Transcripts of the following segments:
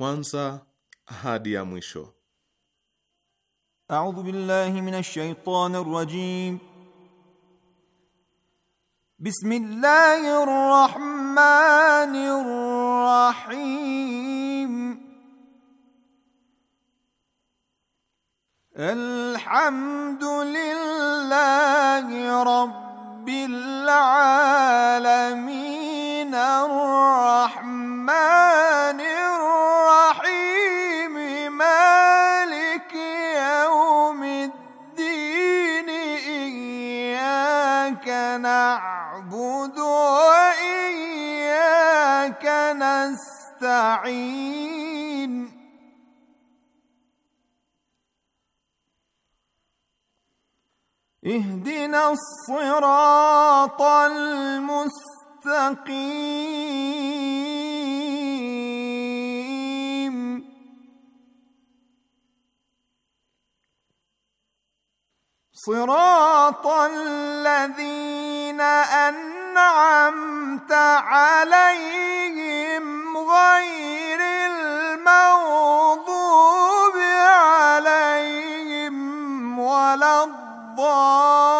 kwanza hadi ya mwisho. A'udhu billahi minash shaitani rrajim. Bismillahir rahmanir rahim. اهدنا الصراط المستقيم صراط الذين انعمت عليهم غير الموضوب عليهم ولا الضالين الضالين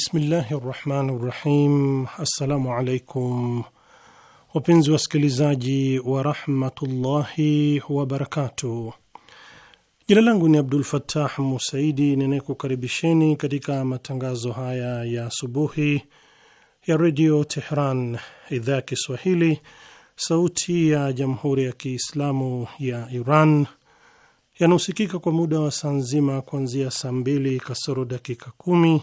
Bismillahi rahmani rahim. Assalamu alaikum wapenzi wasikilizaji warahmatullahi wabarakatuh. Jina langu ni Abdul Fattah Musaidi ninayekukaribisheni katika matangazo haya ya asubuhi ya redio Tehran, idhaa ya Kiswahili, sauti ya jamhuri ya Kiislamu ya Iran yanahusikika kwa muda wa saa nzima kuanzia saa mbili kasoro dakika kumi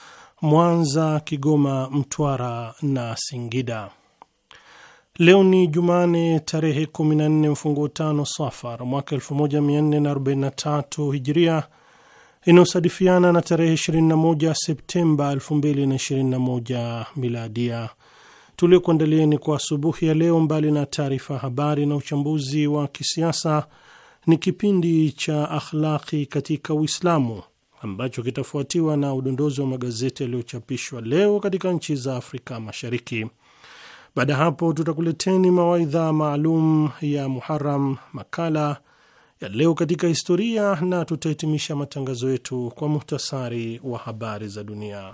Mwanza, Kigoma, Mtwara na Singida. Leo ni Jumane tarehe 14 mfungo tano Safar mwaka 1443 Hijiria inayosadifiana na tarehe 21 Septemba 2021 Miladia. Tuliokuandalieni kwa asubuhi ya leo, mbali na taarifa habari na uchambuzi wa kisiasa, ni kipindi cha akhlaqi katika Uislamu ambacho kitafuatiwa na udondozi wa magazeti yaliyochapishwa leo katika nchi za Afrika Mashariki. Baada ya hapo, tutakuleteni mawaidha maalum ya Muharam, makala ya leo katika historia, na tutahitimisha matangazo yetu kwa muhtasari wa habari za dunia.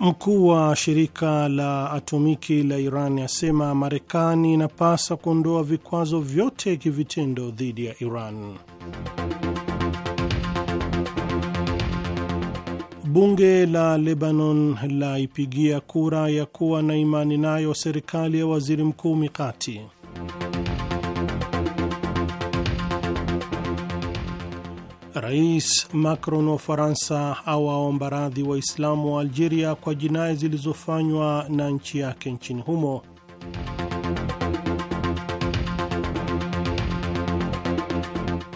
Mkuu wa shirika la atomiki la Iran asema Marekani inapasa kuondoa vikwazo vyote kivitendo dhidi ya Iran. Bunge la Lebanon laipigia kura ya kuwa na imani nayo serikali ya waziri mkuu Mikati. Rais Macron wa Ufaransa awaomba radhi Waislamu wa Algeria kwa jinai zilizofanywa na nchi yake nchini humo.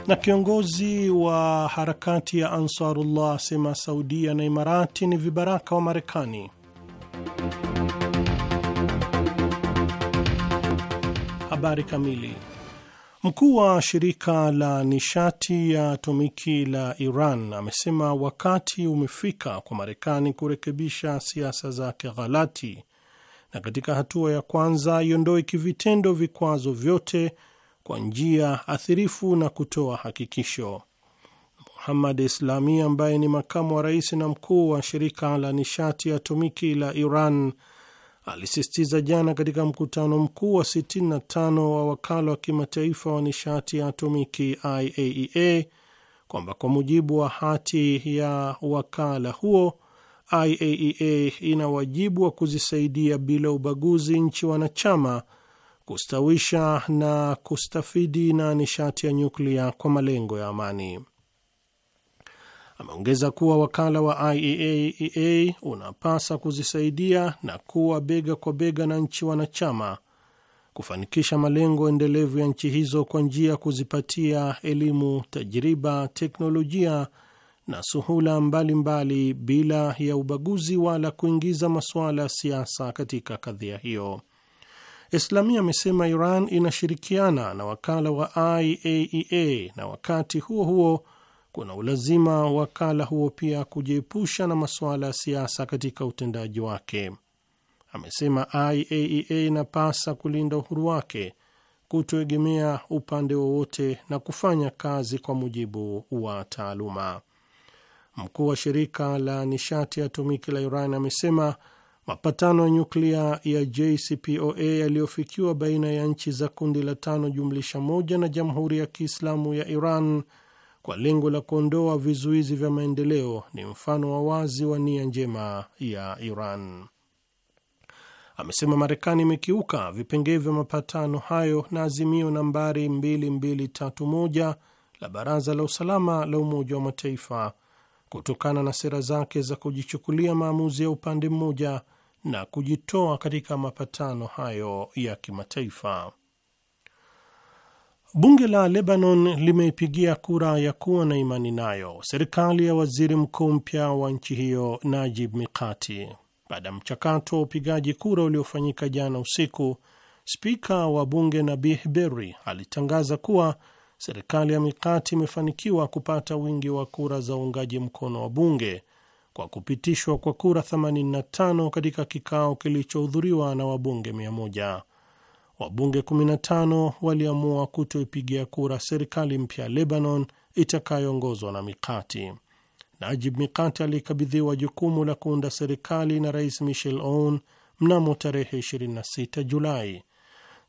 Na kiongozi wa harakati ya Ansarullah asema Saudia na Imarati ni vibaraka wa Marekani. Habari kamili Mkuu wa shirika la nishati ya atomiki la Iran amesema wakati umefika kwa Marekani kurekebisha siasa zake ghalati na katika hatua ya kwanza iondoe kivitendo vikwazo vyote kwa njia athirifu na kutoa hakikisho. Muhammad Islami ambaye ni makamu wa rais na mkuu wa shirika la nishati ya atomiki la Iran alisisitiza jana katika mkutano mkuu wa 65 wa wakala wa kimataifa wa nishati ya atomiki IAEA e kwamba kwa mujibu wa hati ya wakala huo IAEA e ina wajibu wa kuzisaidia bila ubaguzi nchi wanachama kustawisha na kustafidi na nishati ya nyuklia kwa malengo ya amani. Ameongeza kuwa wakala wa IAEA e unapasa kuzisaidia na kuwa bega kwa bega na nchi wanachama kufanikisha malengo endelevu ya nchi hizo kwa njia ya kuzipatia elimu, tajriba, teknolojia na suhula mbalimbali mbali, bila ya ubaguzi wala kuingiza masuala ya siasa katika kadhia hiyo. Islamia amesema Iran inashirikiana na wakala wa IAEA e na wakati huo huo kuna ulazima wakala huo pia kujiepusha na masuala ya siasa katika utendaji wake. Amesema IAEA e inapasa kulinda uhuru wake, kutoegemea upande wowote na kufanya kazi kwa mujibu wa taaluma. Mkuu wa shirika la nishati ya atomiki la Iran amesema mapatano ya nyuklia ya JCPOA yaliyofikiwa baina ya nchi za kundi la tano jumlisha moja na Jamhuri ya Kiislamu ya Iran kwa lengo la kuondoa vizuizi vya maendeleo ni mfano wa wazi wa nia njema ya Iran. Amesema Marekani imekiuka vipengee vya mapatano hayo na azimio nambari 2231 la Baraza la Usalama la Umoja wa Mataifa kutokana na sera zake za kujichukulia maamuzi ya upande mmoja na kujitoa katika mapatano hayo ya kimataifa. Bunge la Lebanon limeipigia kura ya kuwa na imani nayo serikali ya waziri mkuu mpya wa nchi hiyo Najib Mikati. Baada ya mchakato wa upigaji kura uliofanyika jana usiku, spika wa bunge Nabih Berri alitangaza kuwa serikali ya Mikati imefanikiwa kupata wingi wa kura za uungaji mkono wa bunge kwa kupitishwa kwa kura 85 katika kikao kilichohudhuriwa na wabunge wabunge 15 waliamua kutoipigia kura serikali mpya ya Lebanon itakayoongozwa na Mikati. Najib Mikati alikabidhiwa jukumu la kuunda serikali na Rais Michel Aoun mnamo tarehe 26 Julai.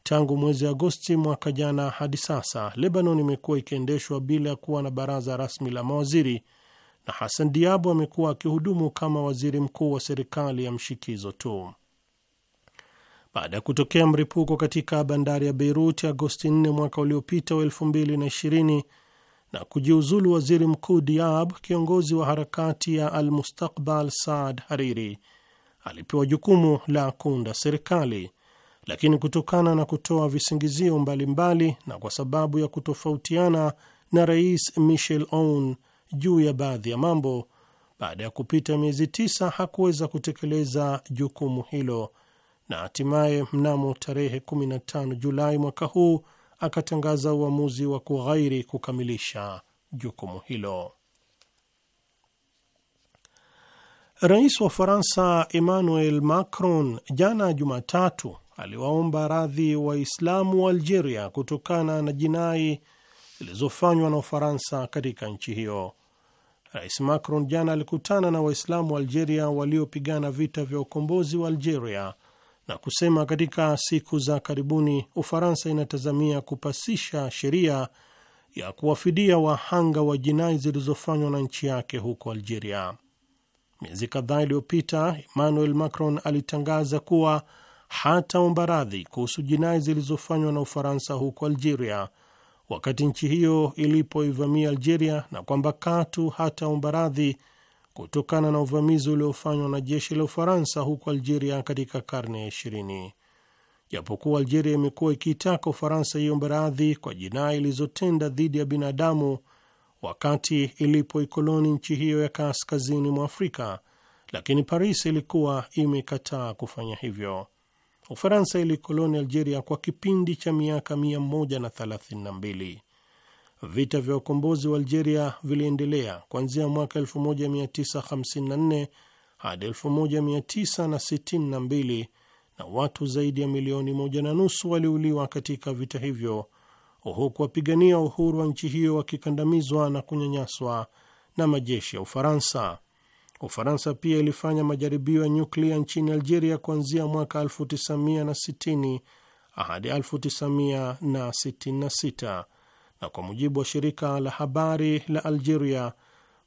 Tangu mwezi Agosti mwaka jana hadi sasa, Lebanon imekuwa ikiendeshwa bila ya kuwa na baraza rasmi la mawaziri, na Hassan diabo amekuwa akihudumu kama waziri mkuu wa serikali ya mshikizo tu baada ya kutokea mlipuko katika bandari ya Beirut Agosti 4 mwaka uliopita wa 2020 na kujiuzulu waziri mkuu Diab, kiongozi wa harakati ya Al Mustakbal Saad Hariri alipewa jukumu la kuunda serikali, lakini kutokana na kutoa visingizio mbalimbali na kwa sababu ya kutofautiana na rais Michel Aoun juu ya baadhi ya mambo, baada ya kupita miezi tisa hakuweza kutekeleza jukumu hilo na hatimaye mnamo tarehe 15 Julai mwaka huu akatangaza uamuzi wa kughairi kukamilisha jukumu hilo. Rais wa Faransa Emmanuel Macron jana Jumatatu aliwaomba radhi Waislamu wa Algeria kutokana na jinai zilizofanywa na Ufaransa katika nchi hiyo. Rais Macron jana alikutana na Waislamu wa Algeria waliopigana vita vya ukombozi wa Algeria na kusema katika siku za karibuni Ufaransa inatazamia kupasisha sheria ya kuwafidia wahanga wa jinai zilizofanywa na nchi yake huko Algeria. Miezi kadhaa iliyopita, Emmanuel Macron alitangaza kuwa hataomba radhi kuhusu jinai zilizofanywa na Ufaransa huko Algeria wakati nchi hiyo ilipoivamia Algeria, na kwamba katu hataomba radhi kutokana na uvamizi uliofanywa na jeshi la Ufaransa huko Algeria katika karne ya ishirini. Japokuwa Algeria imekuwa ikiitaka Ufaransa iombe radhi kwa jinai ilizotenda dhidi ya binadamu wakati ilipoikoloni nchi hiyo ya kaskazini mwa Afrika, lakini Paris ilikuwa imekataa kufanya hivyo. Ufaransa ilikoloni Algeria kwa kipindi cha miaka mia moja na thelathini na mbili. Vita vya ukombozi wa Algeria viliendelea kuanzia mwaka 1954 hadi 1962 na watu zaidi ya milioni moja na nusu waliuliwa katika vita hivyo, huku wapigania uhuru wa nchi hiyo wakikandamizwa na kunyanyaswa na majeshi ya Ufaransa. Ufaransa pia ilifanya majaribio ya nyuklia nchini Algeria kuanzia mwaka 1960 hadi 1966 na kwa mujibu wa shirika la habari la Algeria,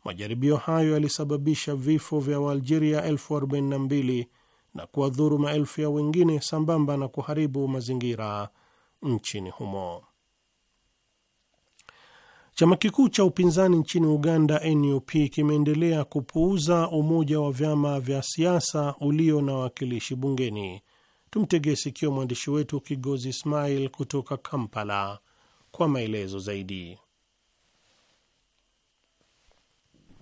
majaribio hayo yalisababisha vifo vya Waalgeria elfu arobaini na mbili na kuwadhuru maelfu ya wengine sambamba na kuharibu mazingira nchini humo. Chama kikuu cha upinzani nchini Uganda, NUP, kimeendelea kupuuza umoja wa vyama vya siasa ulio na wakilishi bungeni. Tumtegee sikio mwandishi wetu Kigozi Ismail kutoka Kampala kwa maelezo zaidi.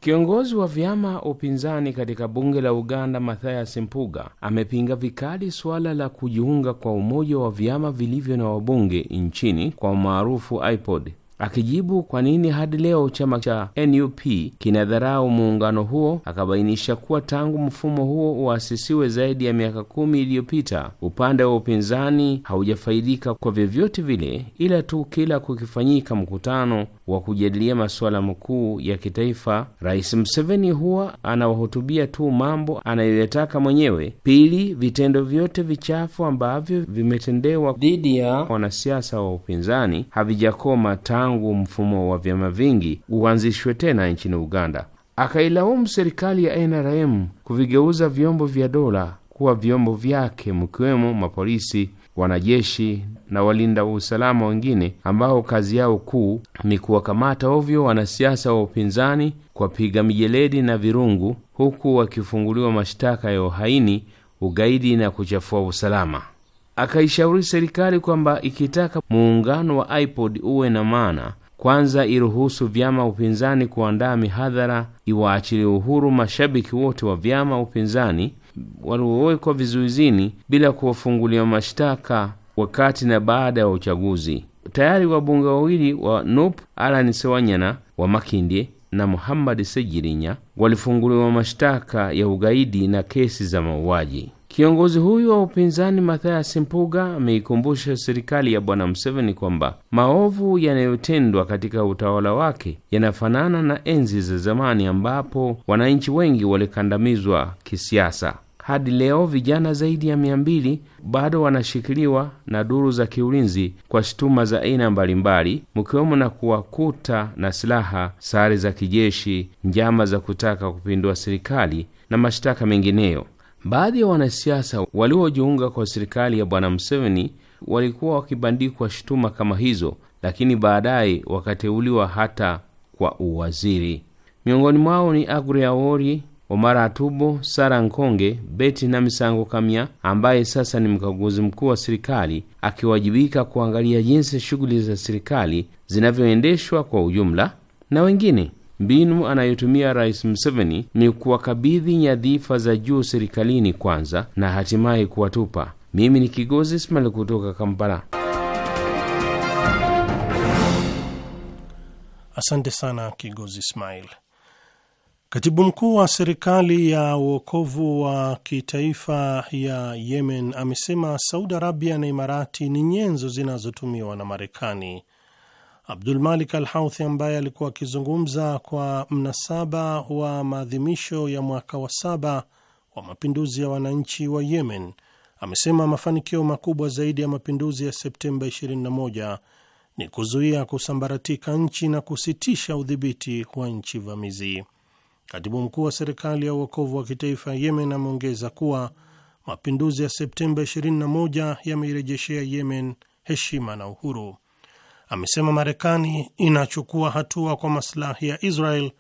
Kiongozi wa vyama upinzani katika bunge la Uganda, mathayas Mpuga, amepinga vikali suala la kujiunga kwa umoja wa vyama vilivyo na wabunge nchini kwa umaarufu IPOD Akijibu kwa nini hadi leo chama cha NUP kinadharau muungano huo, akabainisha kuwa tangu mfumo huo uasisiwe zaidi ya miaka kumi iliyopita, upande wa upinzani haujafaidika kwa vyovyote vile, ila tu kila kukifanyika mkutano wa kujadilia masuala makuu ya kitaifa, Rais Museveni huwa anawahutubia tu mambo anayoyataka mwenyewe. Pili, vitendo vyote vichafu ambavyo vimetendewa dhidi ya wanasiasa wa upinzani havijakoma tangu mfumo wa vyama vingi uanzishwe tena nchini Uganda. Akailaumu serikali ya NRM kuvigeuza vyombo vya dola kuwa vyombo vyake, mkiwemo mapolisi wanajeshi na walinda usalama wengine ambao kazi yao kuu ni kuwakamata ovyo wanasiasa wa upinzani kwa piga mijeledi na virungu, huku wakifunguliwa mashtaka ya uhaini, ugaidi na kuchafua usalama. Akaishauri serikali kwamba ikitaka muungano wa IPOD uwe na maana, kwanza iruhusu vyama upinzani kuandaa mihadhara, iwaachilie uhuru mashabiki wote wa vyama upinzani waliowekwa vizuizini bila kuwafungulia mashtaka wakati na baada ya uchaguzi. Tayari wabunge wawili wa NUP Alan Sewanyana wa Makindye na Muhammad Sejirinya walifunguliwa mashtaka ya ugaidi na kesi za mauaji. Kiongozi huyu wa upinzani Mathayas Mpuga ameikumbusha serikali ya Bwana Museveni kwamba maovu yanayotendwa katika utawala wake yanafanana na enzi za zamani ambapo wananchi wengi walikandamizwa kisiasa. Hadi leo vijana zaidi ya mia mbili bado wanashikiliwa na duru za kiulinzi kwa shutuma za aina mbalimbali, mkiwemo na kuwakuta na silaha, sare za kijeshi, njama za kutaka kupindua serikali na mashtaka mengineyo. Baadhi ya wanasiasa waliojiunga kwa serikali ya Bwana Museveni walikuwa wakibandikwa shutuma kama hizo, lakini baadaye wakateuliwa hata kwa uwaziri. Miongoni mwao ni Aguri Awori, Omara Atubo, Sara Nkonge, Beti na Misango Kamya ambaye sasa ni mkaguzi mkuu wa serikali akiwajibika kuangalia jinsi shughuli za serikali zinavyoendeshwa kwa ujumla na wengine. Mbinu anayotumia Rais Museveni ni kuwakabidhi nyadhifa za juu serikalini kwanza na hatimaye kuwatupa. Mimi ni Kigozi Ismail kutoka Kampala. Asante sana Kigozi Ismail. Katibu mkuu wa serikali ya uokovu wa kitaifa ya Yemen amesema Saudi Arabia na Imarati ni nyenzo zinazotumiwa na Marekani Abdulmalik Al Houthi ambaye alikuwa akizungumza kwa mnasaba wa maadhimisho ya mwaka wa saba wa mapinduzi ya wananchi wa Yemen amesema mafanikio makubwa zaidi ya mapinduzi ya Septemba 21 ni kuzuia kusambaratika nchi na kusitisha udhibiti wa nchi vamizi. Katibu mkuu wa serikali ya uokovu wa kitaifa ya Yemen ameongeza kuwa mapinduzi ya Septemba 21 yameirejeshea Yemen heshima na uhuru amesema Marekani inachukua hatua kwa maslahi ya Israel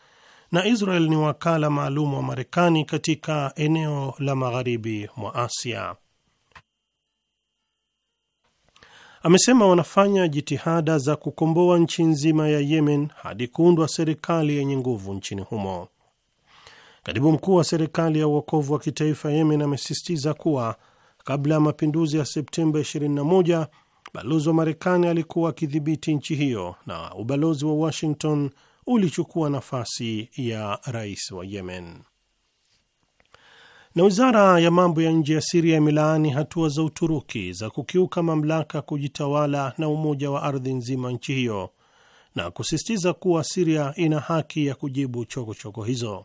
na Israel ni wakala maalum wa Marekani katika eneo la magharibi mwa Asia. Amesema wanafanya jitihada za kukomboa nchi nzima ya Yemen hadi kuundwa serikali yenye nguvu nchini humo. Katibu mkuu wa serikali ya uokovu wa kitaifa Yemen amesisitiza kuwa kabla ya mapinduzi ya Septemba 21 balozi wa Marekani alikuwa akidhibiti nchi hiyo na ubalozi wa Washington ulichukua nafasi ya rais wa Yemen. Na wizara ya mambo ya nje ya Siria imelaani hatua za Uturuki za kukiuka mamlaka kujitawala na umoja wa ardhi nzima nchi hiyo na kusisitiza kuwa Siria ina haki ya kujibu chokochoko choko hizo.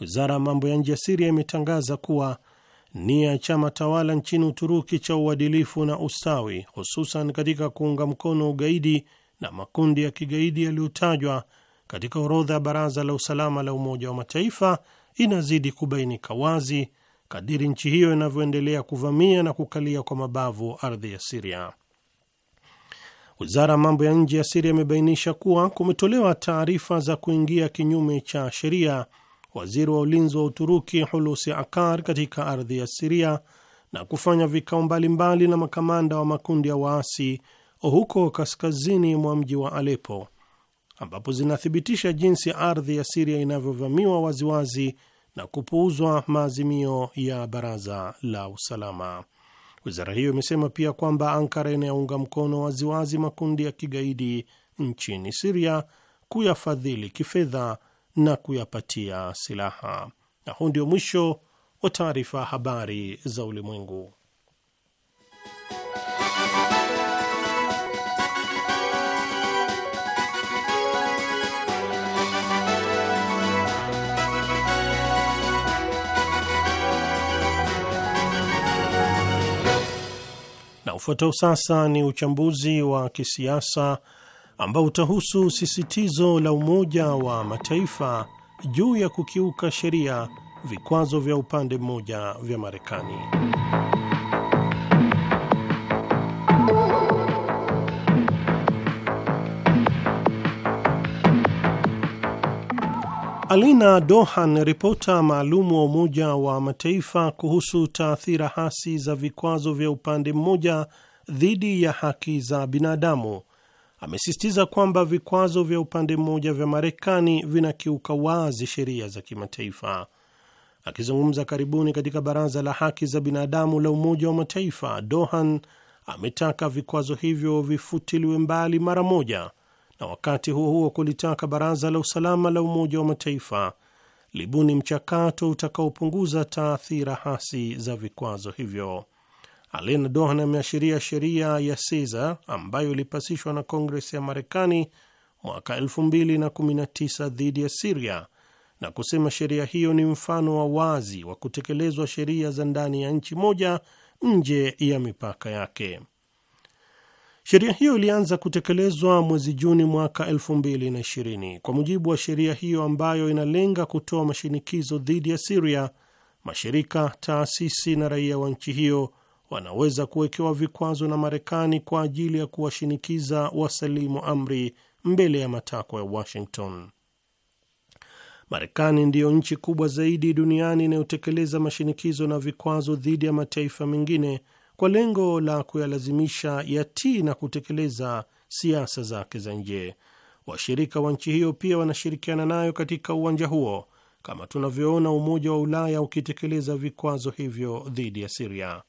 Wizara ya mambo ya nje ya Siria imetangaza kuwa nia ya chama tawala nchini Uturuki cha uadilifu na ustawi, hususan katika kuunga mkono ugaidi na makundi ya kigaidi yaliyotajwa katika orodha ya Baraza la Usalama la Umoja wa Mataifa inazidi kubainika wazi kadiri nchi hiyo inavyoendelea kuvamia na kukalia kwa mabavu ardhi ya Siria. Wizara ya mambo ya nje ya Siria imebainisha kuwa kumetolewa taarifa za kuingia kinyume cha sheria waziri wa ulinzi wa Uturuki Hulusi Akar katika ardhi ya Siria na kufanya vikao mbalimbali na makamanda wa makundi ya waasi huko kaskazini mwa mji wa Alepo, ambapo zinathibitisha jinsi ardhi ya Siria inavyovamiwa waziwazi na kupuuzwa maazimio ya Baraza la Usalama. Wizara hiyo imesema pia kwamba Ankara inayounga mkono waziwazi makundi ya kigaidi nchini Siria, kuyafadhili kifedha na kuyapatia silaha. Na huu ndio mwisho wa taarifa habari za ulimwengu. Na ufuatao sasa ni uchambuzi wa kisiasa ambao utahusu sisitizo la Umoja wa Mataifa juu ya kukiuka sheria, vikwazo vya upande mmoja vya Marekani. Alina Dohan, ripota maalumu wa Umoja wa Mataifa kuhusu taathira hasi za vikwazo vya upande mmoja dhidi ya haki za binadamu amesisitiza kwamba vikwazo vya upande mmoja vya Marekani vinakiuka wazi sheria za kimataifa. Akizungumza karibuni katika Baraza la Haki za Binadamu la Umoja wa Mataifa, Dohan ametaka vikwazo hivyo vifutiliwe mbali mara moja, na wakati huo huo kulitaka Baraza la Usalama la Umoja wa Mataifa libuni mchakato utakaopunguza taathira hasi za vikwazo hivyo. Alina Dohan ameashiria sheria ya Caesar ambayo ilipasishwa na kongres ya Marekani mwaka 2019 dhidi ya Siria na kusema sheria hiyo ni mfano wa wazi wa kutekelezwa sheria za ndani ya nchi moja nje ya mipaka yake. Sheria hiyo ilianza kutekelezwa mwezi Juni mwaka 2020. Kwa mujibu wa sheria hiyo ambayo inalenga kutoa mashinikizo dhidi ya Siria, mashirika, taasisi na raia wa nchi hiyo wanaweza kuwekewa vikwazo na Marekani kwa ajili ya kuwashinikiza wasalimu amri mbele ya matakwa ya Washington. Marekani ndiyo nchi kubwa zaidi duniani inayotekeleza mashinikizo na vikwazo dhidi ya mataifa mengine kwa lengo la kuyalazimisha yatii na kutekeleza siasa zake za nje. Washirika wa nchi hiyo pia wanashirikiana nayo katika uwanja huo, kama tunavyoona Umoja wa Ulaya ukitekeleza vikwazo hivyo dhidi ya Siria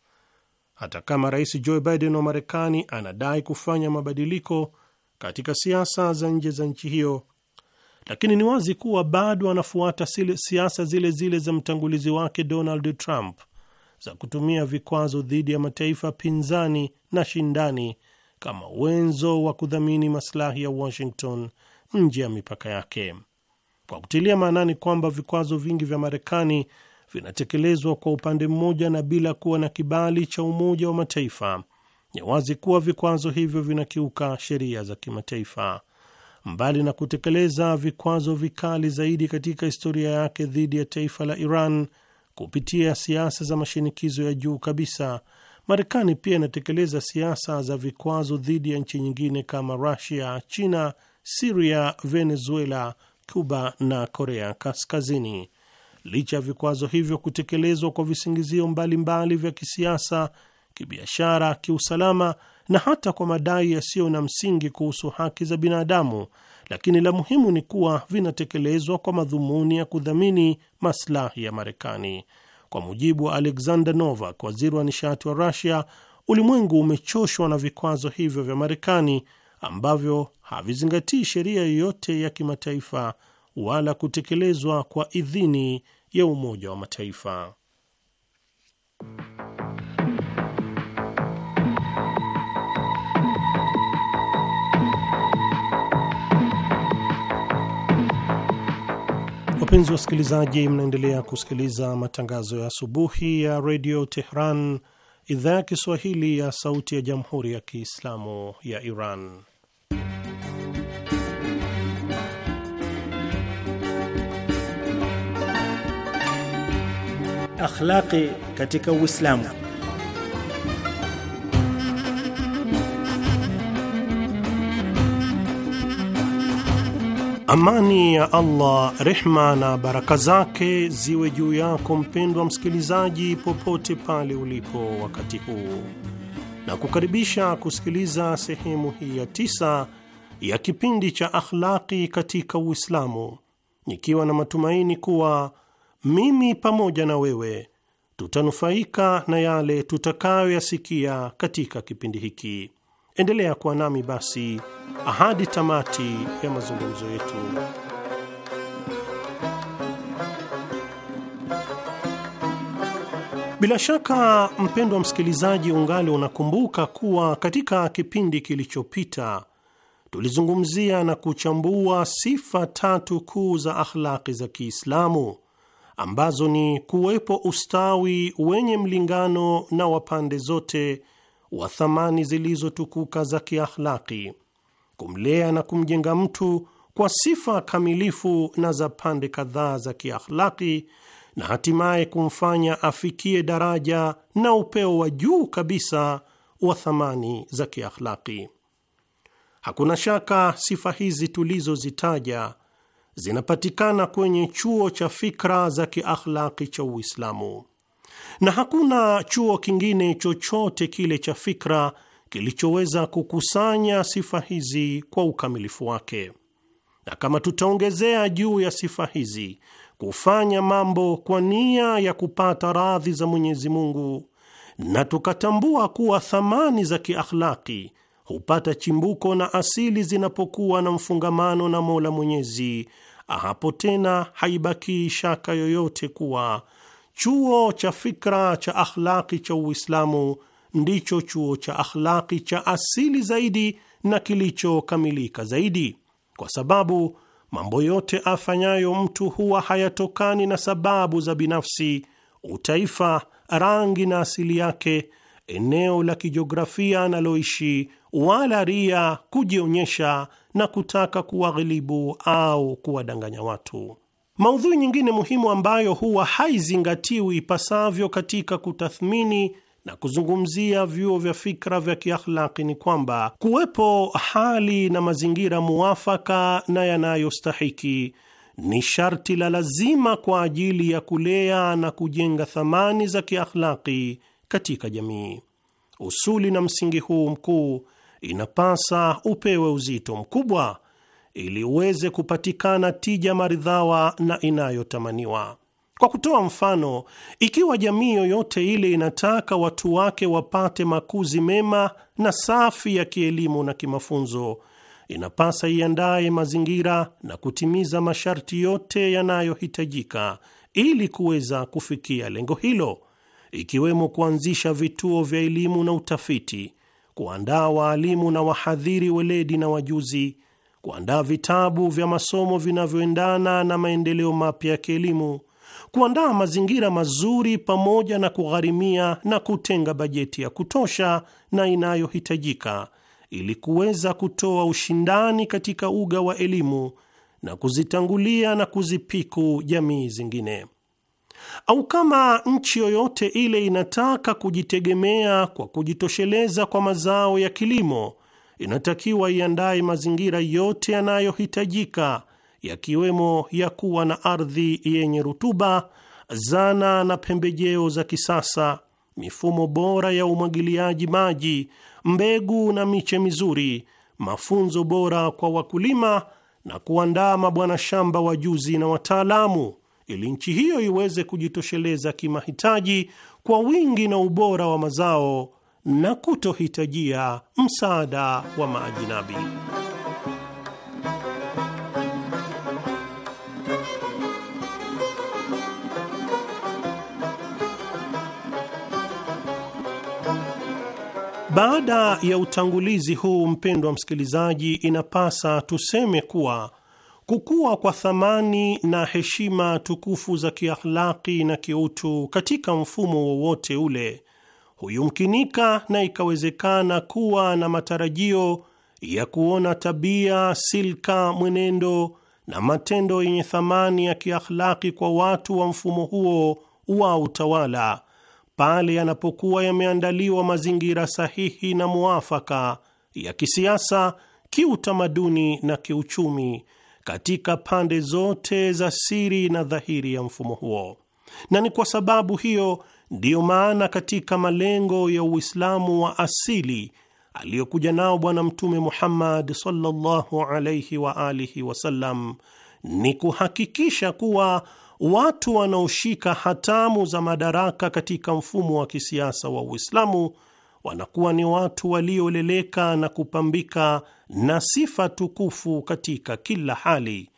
hata kama Rais Joe Biden wa Marekani anadai kufanya mabadiliko katika siasa za nje za nchi hiyo, lakini ni wazi kuwa bado anafuata siasa zile zile za mtangulizi wake Donald Trump za kutumia vikwazo dhidi ya mataifa pinzani na shindani kama wenzo wa kudhamini maslahi ya Washington nje ya mipaka yake, kwa kutilia maanani kwamba vikwazo vingi vya Marekani vinatekelezwa kwa upande mmoja na bila kuwa na kibali cha Umoja wa Mataifa, ni wazi kuwa vikwazo hivyo vinakiuka sheria za kimataifa. Mbali na kutekeleza vikwazo vikali zaidi katika historia yake dhidi ya taifa la Iran kupitia siasa za mashinikizo ya juu kabisa, Marekani pia inatekeleza siasa za vikwazo dhidi ya nchi nyingine kama Rusia, China, Siria, Venezuela, Cuba na Korea Kaskazini licha ya vikwazo hivyo kutekelezwa kwa visingizio mbalimbali mbali vya kisiasa, kibiashara, kiusalama na hata kwa madai yasiyo na msingi kuhusu haki za binadamu, lakini la muhimu ni kuwa vinatekelezwa kwa madhumuni ya kudhamini maslahi ya Marekani. Kwa mujibu wa Alexander Novak, waziri wa nishati wa Rusia, ulimwengu umechoshwa na vikwazo hivyo vya Marekani ambavyo havizingatii sheria yoyote ya kimataifa wala kutekelezwa kwa idhini ya Umoja wa Mataifa. Wapenzi wasikilizaji, mnaendelea kusikiliza matangazo ya asubuhi ya redio Tehran, idhaa ya Kiswahili ya sauti ya jamhuri ya Kiislamu ya Iran. akhlaqi katika Uislamu. Amani ya Allah, rehma na baraka zake ziwe juu yako mpendwa msikilizaji, popote pale ulipo wakati huu, na kukaribisha kusikiliza sehemu hii ya tisa ya kipindi cha akhlaqi katika Uislamu, nikiwa na matumaini kuwa mimi pamoja na wewe tutanufaika na yale tutakayoyasikia katika kipindi hiki. Endelea kuwa nami basi ahadi tamati ya mazungumzo yetu. Bila shaka, mpendwa msikilizaji, ungali unakumbuka kuwa katika kipindi kilichopita tulizungumzia na kuchambua sifa tatu kuu za akhlaki za Kiislamu ambazo ni kuwepo ustawi wenye mlingano na wa pande zote wa thamani zilizotukuka za kiahlaki, kumlea na kumjenga mtu kwa sifa kamilifu na za pande kadhaa za kiahlaki, na hatimaye kumfanya afikie daraja na upeo wa juu kabisa wa thamani za kiahlaki. Hakuna shaka sifa hizi tulizozitaja zinapatikana kwenye chuo cha fikra za kiakhlaki cha Uislamu, na hakuna chuo kingine chochote kile cha fikra kilichoweza kukusanya sifa hizi kwa ukamilifu wake, na kama tutaongezea juu ya sifa hizi kufanya mambo kwa nia ya kupata radhi za Mwenyezi Mungu na tukatambua kuwa thamani za kiakhlaki hupata chimbuko na asili zinapokuwa na mfungamano na Mola Mwenyezi, hapo tena haibakii shaka yoyote kuwa chuo cha fikra cha akhlaqi cha Uislamu ndicho chuo cha akhlaqi cha asili zaidi na kilichokamilika zaidi, kwa sababu mambo yote afanyayo mtu huwa hayatokani na sababu za binafsi, utaifa, rangi na asili yake, eneo la kijiografia analoishi wala ria, kujionyesha na kutaka kuwaghilibu au kuwadanganya watu. Maudhui nyingine muhimu ambayo huwa haizingatiwi ipasavyo katika kutathmini na kuzungumzia vyuo vya fikra vya kiakhlaki ni kwamba kuwepo hali na mazingira muwafaka na yanayostahiki ni sharti la lazima kwa ajili ya kulea na kujenga thamani za kiakhlaki katika jamii. Usuli na msingi huu mkuu inapasa upewe uzito mkubwa ili uweze kupatikana tija maridhawa na inayotamaniwa. Kwa kutoa mfano, ikiwa jamii yoyote ile inataka watu wake wapate makuzi mema na safi ya kielimu na kimafunzo, inapasa iandaye mazingira na kutimiza masharti yote yanayohitajika ili kuweza kufikia lengo hilo, ikiwemo kuanzisha vituo vya elimu na utafiti kuandaa waalimu na wahadhiri weledi na wajuzi, kuandaa vitabu vya masomo vinavyoendana na maendeleo mapya ya kielimu, kuandaa mazingira mazuri, pamoja na kugharimia na kutenga bajeti ya kutosha na inayohitajika ili kuweza kutoa ushindani katika uga wa elimu na kuzitangulia na kuzipiku jamii zingine au kama nchi yoyote ile inataka kujitegemea kwa kujitosheleza kwa mazao ya kilimo, inatakiwa iandaye mazingira yote yanayohitajika yakiwemo ya kuwa na ardhi yenye rutuba, zana na pembejeo za kisasa, mifumo bora ya umwagiliaji maji, mbegu na miche mizuri, mafunzo bora kwa wakulima na kuandaa mabwana shamba wajuzi na wataalamu ili nchi hiyo iweze kujitosheleza kimahitaji kwa wingi na ubora wa mazao na kutohitajia msaada wa maajinabi. Baada ya utangulizi huu, mpendwa msikilizaji, inapasa tuseme kuwa Kukua kwa thamani na heshima tukufu za kiakhlaki na kiutu katika mfumo wowote ule huyumkinika na ikawezekana kuwa na matarajio ya kuona tabia, silka, mwenendo na matendo yenye thamani ya kiakhlaki kwa watu wa mfumo huo wa utawala pale yanapokuwa yameandaliwa mazingira sahihi na muafaka ya kisiasa, kiutamaduni na kiuchumi katika pande zote za siri na dhahiri ya mfumo huo, na ni kwa sababu hiyo ndiyo maana katika malengo ya Uislamu wa asili aliyokuja nao Bwana Mtume Muhammad sallallahu alaihi wa alihi wasallam ni kuhakikisha kuwa watu wanaoshika hatamu za madaraka katika mfumo wa kisiasa wa Uislamu wanakuwa ni watu walioleleka na kupambika na sifa tukufu katika kila hali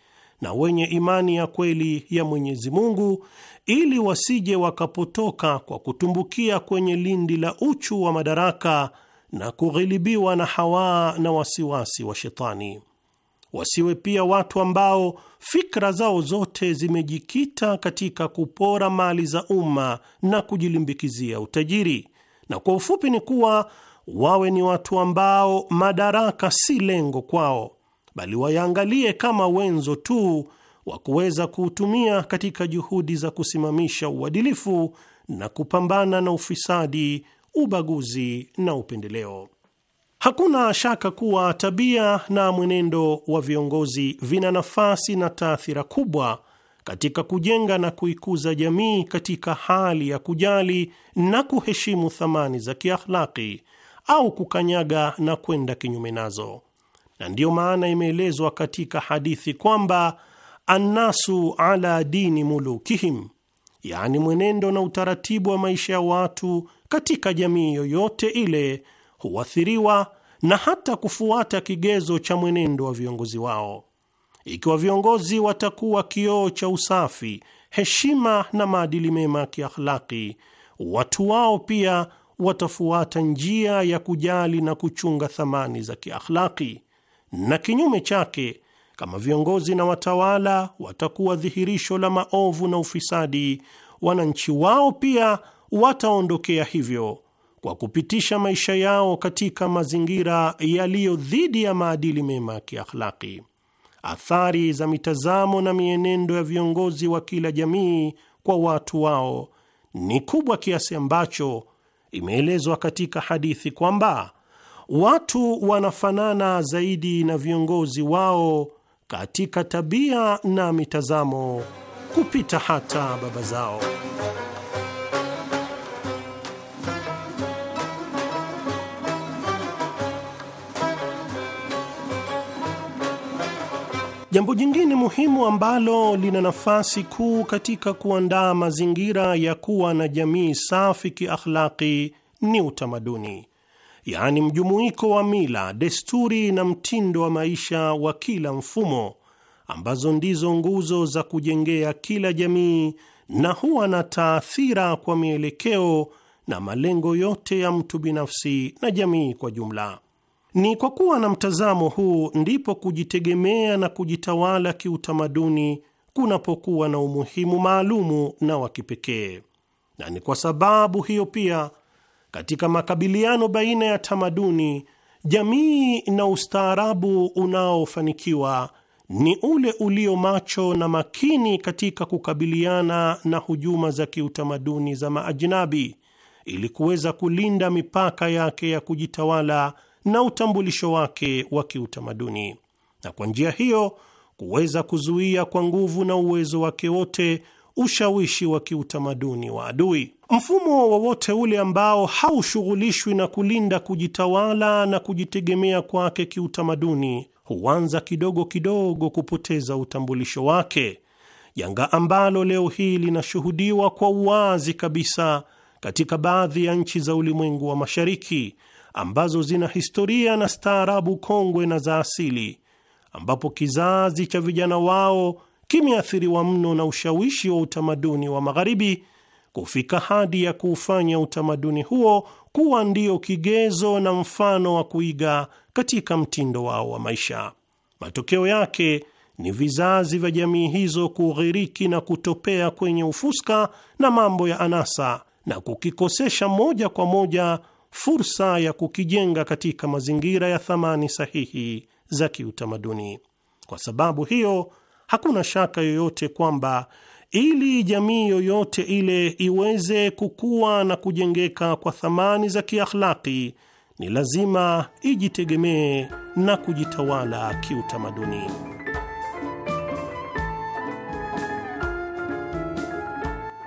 na wenye imani ya kweli ya Mwenyezi Mungu, ili wasije wakapotoka kwa kutumbukia kwenye lindi la uchu wa madaraka na kughilibiwa na hawaa na wasiwasi wa shetani. Wasiwe pia watu ambao fikra zao zote zimejikita katika kupora mali za umma na kujilimbikizia utajiri na kwa ufupi ni kuwa wawe ni watu ambao madaraka si lengo kwao, bali wayaangalie kama wenzo tu wa kuweza kuutumia katika juhudi za kusimamisha uadilifu na kupambana na ufisadi, ubaguzi na upendeleo. Hakuna shaka kuwa tabia na mwenendo wa viongozi vina nafasi na taathira kubwa katika kujenga na kuikuza jamii katika hali ya kujali na kuheshimu thamani za kiakhlaki au kukanyaga na kwenda kinyume nazo. Na ndiyo maana imeelezwa katika hadithi kwamba annasu ala dini mulukihim, yaani mwenendo na utaratibu wa maisha ya watu katika jamii yoyote ile huathiriwa na hata kufuata kigezo cha mwenendo wa viongozi wao ikiwa viongozi watakuwa kioo cha usafi, heshima na maadili mema ya kiakhlaki, watu wao pia watafuata njia ya kujali na kuchunga thamani za kiakhlaki, na kinyume chake, kama viongozi na watawala watakuwa dhihirisho la maovu na ufisadi, wananchi wao pia wataondokea hivyo kwa kupitisha maisha yao katika mazingira yaliyo dhidi ya maadili mema ya kiakhlaki athari za mitazamo na mienendo ya viongozi wa kila jamii kwa watu wao ni kubwa kiasi ambacho imeelezwa katika hadithi kwamba watu wanafanana zaidi na viongozi wao katika tabia na mitazamo kupita hata baba zao. Jambo jingine muhimu ambalo lina nafasi kuu katika kuandaa mazingira ya kuwa na jamii safi kiakhlaki ni utamaduni, yaani mjumuiko wa mila, desturi na mtindo wa maisha wa kila mfumo, ambazo ndizo nguzo za kujengea kila jamii na huwa na taathira kwa mielekeo na malengo yote ya mtu binafsi na jamii kwa jumla. Ni kwa kuwa na mtazamo huu ndipo kujitegemea na kujitawala kiutamaduni kunapokuwa na umuhimu maalumu na wa kipekee, na ni kwa sababu hiyo pia katika makabiliano baina ya tamaduni, jamii na ustaarabu unaofanikiwa ni ule ulio macho na makini katika kukabiliana na hujuma za kiutamaduni za maajinabi ili kuweza kulinda mipaka yake ya kujitawala na utambulisho wake wa kiutamaduni, na kwa njia hiyo kuweza kuzuia kwa nguvu na uwezo wake wote ushawishi wa kiutamaduni wa adui. Mfumo wowote ule ambao haushughulishwi na kulinda kujitawala na kujitegemea kwake kiutamaduni huanza kidogo kidogo kupoteza utambulisho wake, janga ambalo leo hii linashuhudiwa kwa uwazi kabisa katika baadhi ya nchi za ulimwengu wa Mashariki, ambazo zina historia na staarabu kongwe na za asili, ambapo kizazi cha vijana wao kimeathiriwa mno na ushawishi wa utamaduni wa Magharibi kufika hadi ya kuufanya utamaduni huo kuwa ndio kigezo na mfano wa kuiga katika mtindo wao wa maisha. Matokeo yake ni vizazi vya jamii hizo kughiriki na kutopea kwenye ufuska na mambo ya anasa na kukikosesha moja kwa moja fursa ya kukijenga katika mazingira ya thamani sahihi za kiutamaduni. Kwa sababu hiyo, hakuna shaka yoyote kwamba ili jamii yoyote ile iweze kukua na kujengeka kwa thamani za kiakhlaki, ni lazima ijitegemee na kujitawala kiutamaduni.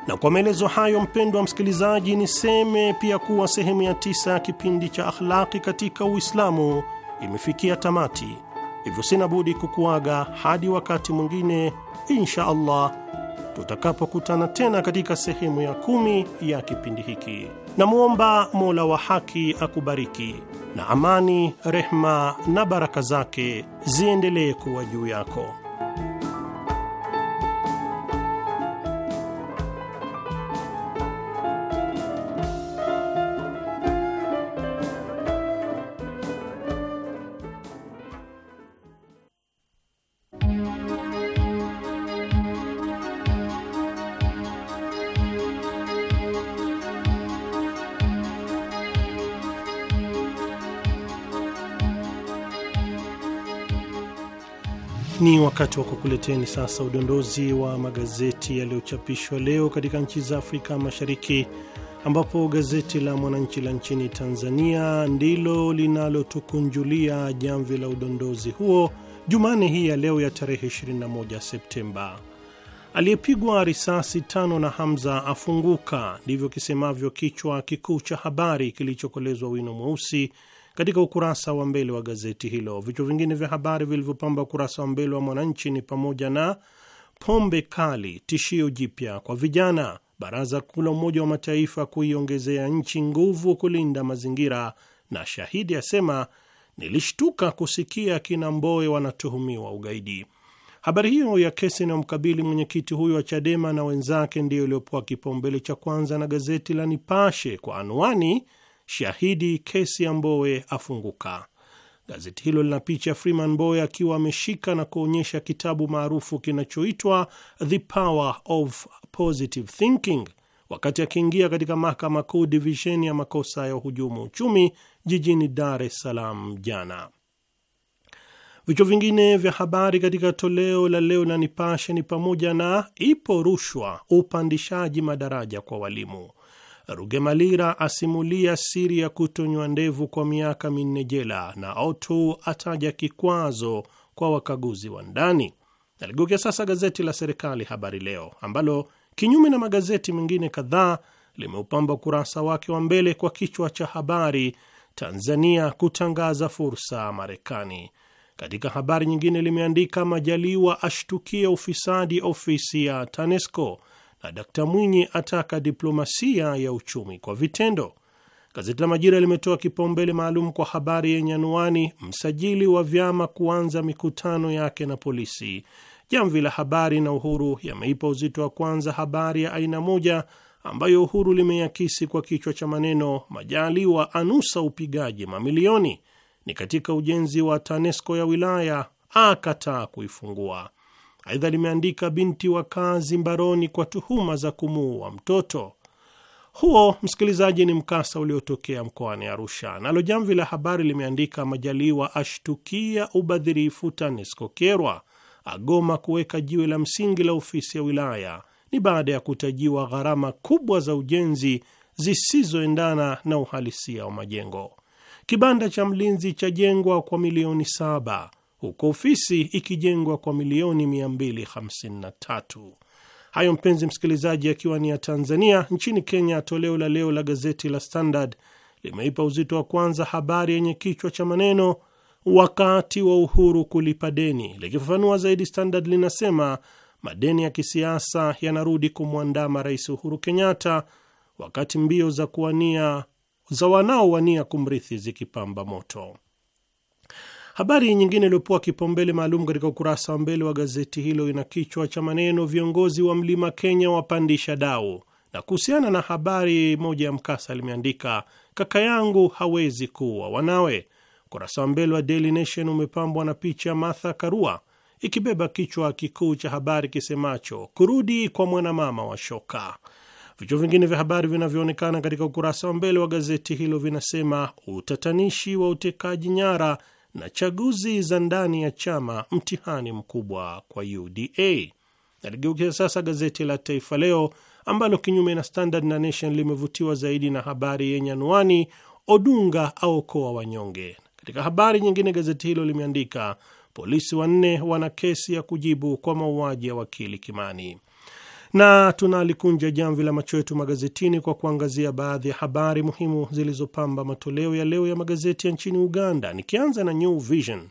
Na kwa maelezo hayo, mpendwa msikilizaji, niseme pia kuwa sehemu ya tisa ya kipindi cha Akhlaqi katika Uislamu imefikia tamati, hivyo sina budi kukuaga hadi wakati mwingine insha Allah tutakapokutana tena katika sehemu ya kumi ya kipindi hiki. Namwomba Mola wa haki akubariki, na amani, rehma na baraka zake ziendelee kuwa juu yako. wakati wa kukuleteni sasa udondozi wa magazeti yaliyochapishwa leo katika nchi za Afrika Mashariki, ambapo gazeti la Mwananchi la nchini Tanzania ndilo linalotukunjulia jamvi la udondozi huo Jumane hii ya leo ya tarehe 21 Septemba. Aliyepigwa risasi tano na Hamza afunguka, ndivyo kisemavyo kichwa kikuu cha habari kilichokolezwa wino mweusi katika ukurasa wa mbele wa gazeti hilo. Vichwa vingine vya habari vilivyopamba ukurasa wa mbele wa Mwananchi ni pamoja na pombe kali tishio jipya kwa vijana, baraza kuu la Umoja wa Mataifa kuiongezea nchi nguvu kulinda mazingira, na shahidi asema nilishtuka kusikia kina mboe wanatuhumiwa ugaidi. Habari hiyo ya kesi inayomkabili mwenyekiti huyo wa Chadema na wenzake ndiyo iliyopoa kipaumbele cha kwanza na gazeti la Nipashe kwa anwani shahidi kesi ya Mbowe afunguka. Gazeti hilo lina picha Freeman Mbowe akiwa ameshika na kuonyesha kitabu maarufu kinachoitwa The Power of Positive Thinking wakati akiingia katika mahakama kuu divisheni ya makosa ya uhujumu uchumi jijini Dar es Salaam jana. Vichwa vingine vya habari katika toleo la leo na Nipashe ni pamoja na ipo rushwa upandishaji madaraja kwa walimu, Rugemalira asimulia siri ya kutonywa ndevu kwa miaka minne jela, na Otu ataja kikwazo kwa wakaguzi wa ndani. Naligeukia sasa gazeti la serikali Habari Leo ambalo kinyume na magazeti mengine kadhaa limeupamba ukurasa wake wa mbele kwa kichwa cha habari, Tanzania kutangaza fursa Marekani. Katika habari nyingine limeandika Majaliwa ashtukia ufisadi ofisi ya TANESCO Dkt Mwinyi ataka diplomasia ya uchumi kwa vitendo. Gazeti la Majira limetoa kipaumbele maalum kwa habari yenye anuani msajili wa vyama kuanza mikutano yake na polisi. Jamvi la Habari na Uhuru yameipa uzito wa kwanza habari ya aina moja ambayo Uhuru limeyakisi kwa kichwa cha maneno Majaliwa anusa upigaji mamilioni. Ni katika ujenzi wa TANESCO ya wilaya akataa kuifungua. Aidha limeandika binti wa kazi mbaroni kwa tuhuma za kumuua mtoto. Huo msikilizaji, ni mkasa uliotokea mkoani Arusha. Nalo jamvi la habari limeandika Majaliwa ashtukia ubadhirifu TANESCO Kerwa, agoma kuweka jiwe la msingi la ofisi ya wilaya. Ni baada ya kutajiwa gharama kubwa za ujenzi zisizoendana na uhalisia wa majengo. Kibanda cha mlinzi chajengwa kwa milioni saba huku ofisi ikijengwa kwa milioni 253. Hayo mpenzi msikilizaji, akiwa ni ya Tanzania. Nchini Kenya, toleo la leo la gazeti la Standard limeipa uzito wa kwanza habari yenye kichwa cha maneno wakati wa uhuru kulipa deni. Likifafanua zaidi, Standard linasema madeni ya kisiasa yanarudi kumwandama Rais Uhuru Kenyatta wakati mbio za kuwania za wanaowania kumrithi zikipamba moto. Habari nyingine iliyopewa kipaumbele maalum katika ukurasa wa mbele wa gazeti hilo ina kichwa cha maneno viongozi wa mlima Kenya wapandisha dau, na kuhusiana na habari moja ya mkasa limeandika kaka yangu hawezi kuwa wanawe. Ukurasa wa mbele wa Daily Nation umepambwa na picha ya Martha Karua ikibeba kichwa kikuu cha habari kisemacho kurudi kwa mwanamama wa shoka. Vichwa vingine vya habari vinavyoonekana katika ukurasa wa mbele wa gazeti hilo vinasema utatanishi wa utekaji nyara na chaguzi za ndani ya chama mtihani mkubwa kwa UDA. Naligeukia sasa gazeti la Taifa Leo ambalo kinyume na Standard na Nation limevutiwa zaidi na habari yenye anwani Odunga aokoa wanyonge. Katika habari nyingine, gazeti hilo limeandika polisi wanne wana kesi ya kujibu kwa mauaji ya wakili Kimani na tunalikunja jamvi la macho yetu magazetini kwa kuangazia baadhi ya habari muhimu zilizopamba matoleo ya leo ya magazeti ya nchini Uganda, nikianza na New Vision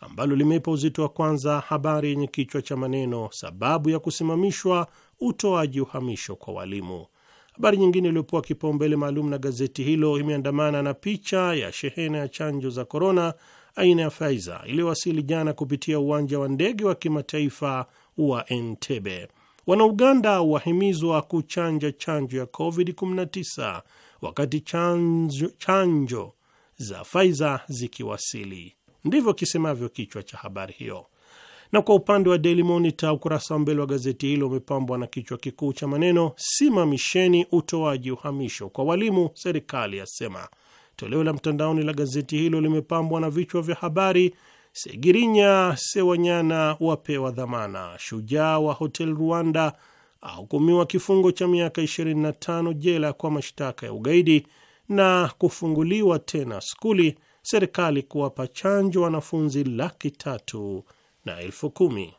ambalo limeipa uzito wa kwanza habari yenye kichwa cha maneno sababu ya kusimamishwa utoaji uhamisho kwa walimu. Habari nyingine iliyopewa kipaumbele maalum na gazeti hilo imeandamana na picha ya shehena ya chanjo za korona aina ya Pfizer iliyowasili jana kupitia uwanja wa ndege wa kimataifa wa Entebbe. Wanauganda wahimizwa kuchanja chanjo ya COVID-19 wakati chanjo, chanjo za Pfizer zikiwasili. Ndivyo kisemavyo kichwa cha habari hiyo. Na kwa upande wa Daily Monitor, ukurasa wa mbele wa gazeti hilo umepambwa na kichwa kikuu cha maneno simamisheni utoaji uhamisho kwa walimu, serikali yasema. Toleo la mtandaoni la gazeti hilo limepambwa na vichwa vya habari Segirinya Sewanyana wapewa dhamana. Shujaa wa Hotel Rwanda ahukumiwa kifungo cha miaka 25 jela kwa mashtaka ya ugaidi na kufunguliwa tena skuli, serikali kuwapa chanjo wanafunzi laki tatu na elfu kumi.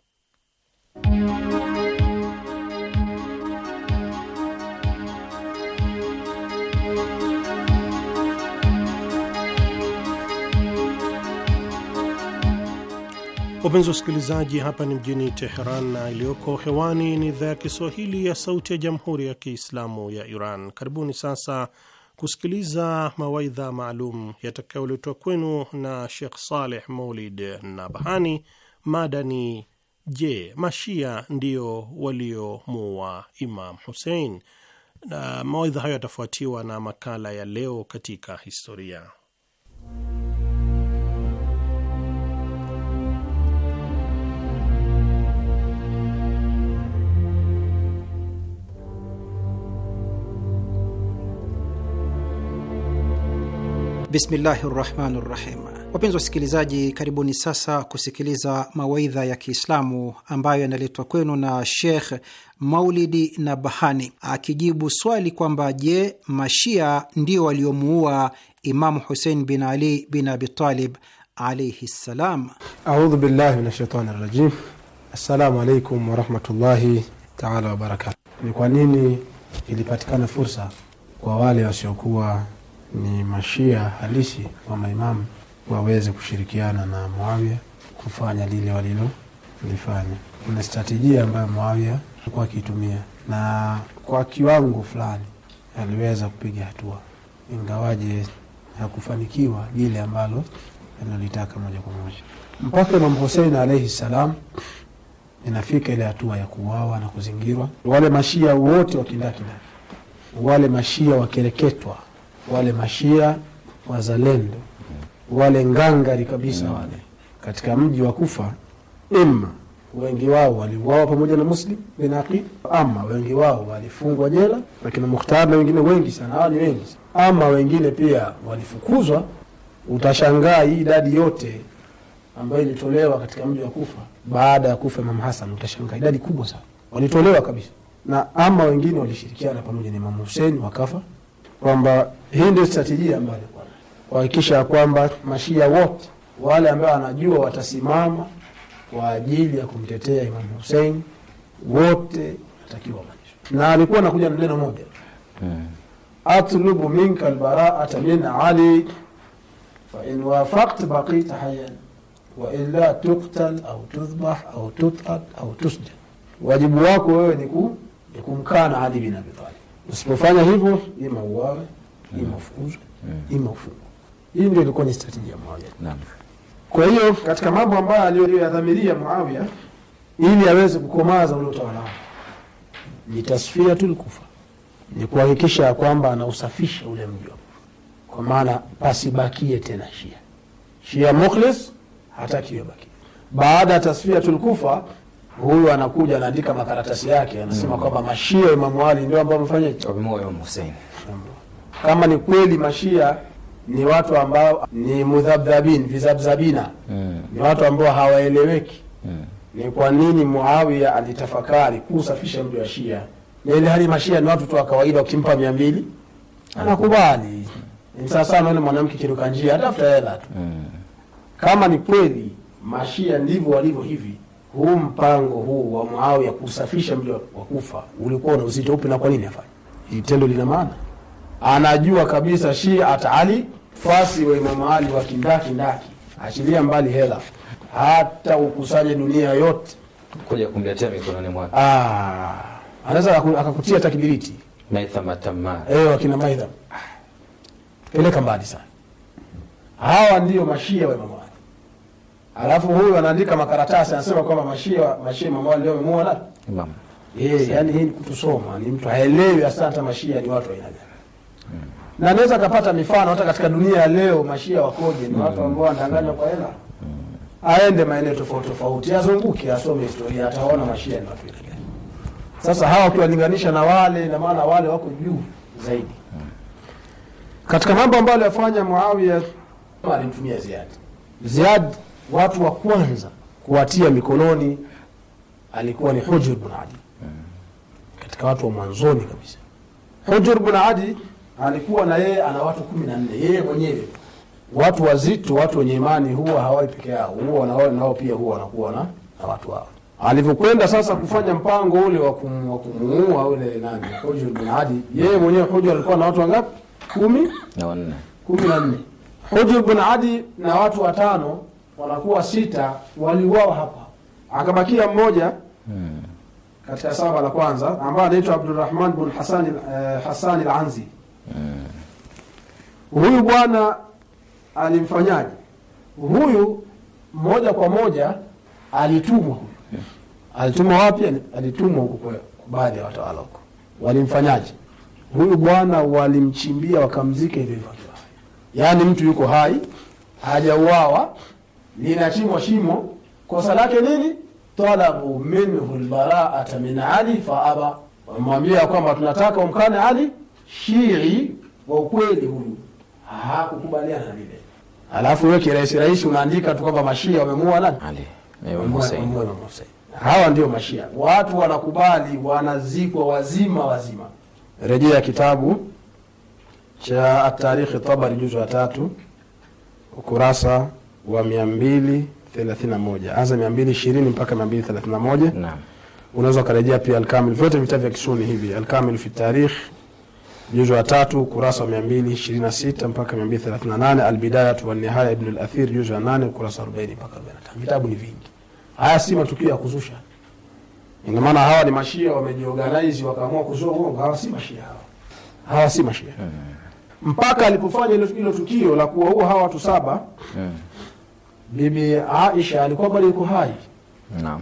Wapenzi wasikilizaji, hapa ni mjini Teheran na iliyoko hewani ni idhaa ya Kiswahili ya Sauti ya Jamhuri ya Kiislamu ya Iran. Karibuni sasa kusikiliza mawaidha maalum yatakayoletwa kwenu na Shekh Saleh Maulid Nabhani. Mada ni je, mashia ndiyo waliomuua Imam Husein? Na mawaidha hayo yatafuatiwa na makala ya leo katika historia Bismillahi rahmani rahim. Wapenzi wasikilizaji, karibuni sasa kusikiliza mawaidha ya Kiislamu ambayo yanaletwa kwenu na Shekh Maulidi na Bahani akijibu swali kwamba je, mashia ndio waliomuua Imamu Husein bin Ali bin Abitalib alaihi ssalam. Audhu billahi min shaitani rajim. Assalamu alaikum warahmatullahi taala wabarakatu. Ni kwa nini ilipatikana fursa kwa wale wasiokuwa ni mashia halisi wa maimamu waweze kushirikiana na Muawia kufanya lile walilolifanya. Kuna stratejia ambayo Muawia alikuwa akiitumia na kwa kiwango fulani aliweza kupiga hatua, ingawaje hakufanikiwa lile ambalo alilolitaka moja kwa moja. Mpaka Imamu Husein alaihi salam inafika ile hatua ya kuuawa na kuzingirwa, wale mashia wote wakindakida, wale mashia wakereketwa wale mashia wazalendo wale ngangari kabisa mm. wale katika mji wa Kufa, ima wengi wao waliuawa pamoja na Muslim bin aqi ama wengi wao walifungwa jela lakini Mukhtar na wengine wengi sana, hawa ni wengi, ama wengine pia walifukuzwa. Utashangaa hii idadi yote ambayo ilitolewa katika mji wa Kufa baada ya kufa Imam hasan utashangaa idadi kubwa sana walitolewa kabisa, na ama wengine walishirikiana pamoja na Imam Hussein wakafa kwamba hii ndio strategia ambayo kuhakikisha ya kwamba mashia wote wale ambao wanajua watasimama kwa ajili ya kumtetea Imam Hussein wote atakiwa na alikuwa anakuja na neno moja hmm. atlubu minka albaraata min ali fa in wafaqt baqita hayan wa illa tuqtal au tudhbah au tutat au tusjad wajibu wako wewe ni kumkana Ali bin Abi Talib Usipofanya hivyo, ima uawe, ima ufukuzwe, ima ufungwe. Hii ndio ilikuwa ni strategy ya Muawiya. Kwa hiyo katika mambo ambayo aliyoyadhamiria Muawiya ili aweze kukomaza ule utawala wake ni tasfia tul Kufa, ni kuhakikisha kwamba anausafisha ule mji, kwa maana pasibakie tena Shia. Shia mukhlis hataki baki. Baada ya tasfia tul Kufa huyu anakuja anaandika makaratasi yake anasema mm. kwamba mashia Imamu Ali ndio ambao wamefanyaje wamemoyo Hussein. Kama ni kweli mashia ni watu ambao ni mudhabdhabin vizabzabina mm. ni watu ambao hawaeleweki mm. ni kwa nini Muawiya alitafakari kusafisha mji wa Shia na ile hali mashia ni watu tu wa kawaida, ukimpa mia mbili anakubali. Sasa naona mwanamke kiruka njia atafuta hela tu mm. kama ni kweli mashia ndivyo walivyo hivi huu mpango huu wa Muawiya kusafisha mji wa Kufa ulikuwa na uzito upi na kwa nini afanye? itendo lina maana, anajua kabisa Shia ataali fasi wa Imamu Ali wa ndaki, achilia mbali hela, hata ukusanye dunia yote kuja kumletea mikononi mwake. Ah, anaweza akakutia hata kibiriti eh, akina Maitham peleka mbali sana. Hawa ndio mashia wa Imamu alafu huyu anaandika makaratasi anasema kwamba mashia mashia mama leo muona imam eh, yani hii kutusoma, ni mtu haelewi asante mashia ni watu aina gani mm. na anaweza akapata mifano hata katika dunia ya leo mashia wakoje, ni watu ambao wanadanganywa kwa hela hmm. aende maeneo tofauti tofauti, azunguke, asome historia, ataona mashia ni watu gani. Sasa hawa ukiwalinganisha na wale, na maana wale wako juu zaidi. Hmm. Katika mambo ambayo aliyofanya Muawiya alimtumia ziadi ziadi watu wa kwanza kuwatia mikononi alikuwa ni Hujr bin Adi, katika watu wa mwanzoni kabisa. Hujr bin Adi alikuwa na yeye ana watu kumi na nne yeye mwenyewe. Watu wazito, watu wenye imani huwa hawai peke yao, huwa na wao nao pia huwa wanakuwa na, na watu wao. Alivyokwenda sasa kufanya mpango ule wa kumuua ule nani Hujr bin Adi, yeye mwenyewe Hujr alikuwa na watu wangapi? kumi na nne. Hujr bin Adi na watu watano wanakuwa sita waliuawa hapa, akabakia mmoja hmm. katika saba la kwanza ambaye anaitwa abdurahman bin Hasan uh, Hasan al-Anzi hmm. huyu bwana alimfanyaje huyu? Moja kwa moja alitumwa huyu, alitumwa wapya yaani, Alitumwa huku baadhi ya watawala huko. Walimfanyaje huyu bwana? Walimchimbia wakamzika hivyo hivyo, yaani mtu yuko hai hajauawa linachimwa shimo, kosa lake nini? Talabu minhu lbaraata min Ali faaba, wamwambia kwamba tunataka umkane Ali. Shii wa ukweli huyu hakukubaliana vile. Alafu wewe kirahisi rahisi unaandika tu kwamba mashia wamemua nani? Hawa ndio mashia, watu wanakubali, wanazikwa wazima wazima. Rejea kitabu cha Atarikhi Tabari, juzu ya tatu, ukurasa wa 231 anza 220 mpaka 231. Naam, unaweza ukarejea pia alkamil vyote vitabu vya Kisuni hivi, alkamil fi Tarikh juzu wa tatu ukurasa wa 226 mpaka 238, Al-Bidayah wa Nihaya Ibn al-Athir juzu ya 8 ukurasa wa 40 mpaka 45. Vitabu ni vingi. Haya si matukio ya kuzusha, ina maana hawa ni mashia wamejiorganize, wakaamua kuzua uongo. Hawa si mashia, hawa hawa si mashia hmm. mpaka alipofanya hilo tukio la kuwaua hawa watu saba hmm. Bibi Aisha alikuwa bado yuko hai. Naam.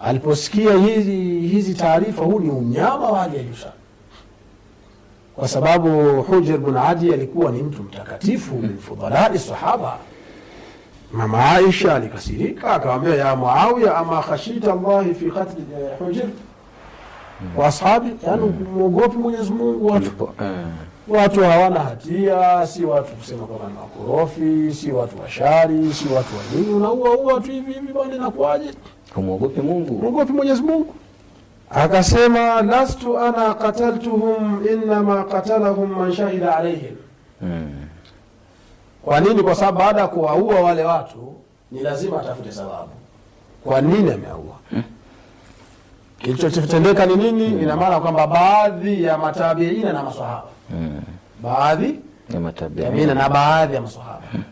Aliposikia hizi, hizi taarifa, huu ni unyama wa hali ya juu sana, kwa sababu Hujr bin Adi alikuwa ni mtu mtakatifu min fudhalai sahaba. Mama Aisha alikasirika akamwambia, ya Muawiya, ama khashita Allahi fi qatli eh, Hujr wa ashabi, yani muogopi hmm. Mwenyezi Mungu watu eh. Watu hawana hatia, si watu kusema kwamba ni wakorofi, si watu washari, si watu wa nini. Unaua ua watu hivi hivi bwana, inakuwaje? Humwogopi Mungu, muogopi Mwenyezi Mungu. Akasema, lastu ana qataltuhum innama qatalahum man shahida alaihim. Hmm. Kwa nini? Kwa sababu baada ya kuwaua wale watu ni lazima atafute sababu kwa nini amewaua. Hmm. Kilichotendeka ni nini? Hmm. Ina maana kwamba baadhi ya matabiina na maswahaba Hmm. baadhi ya matabiina na baadhi ya masahaba hmm.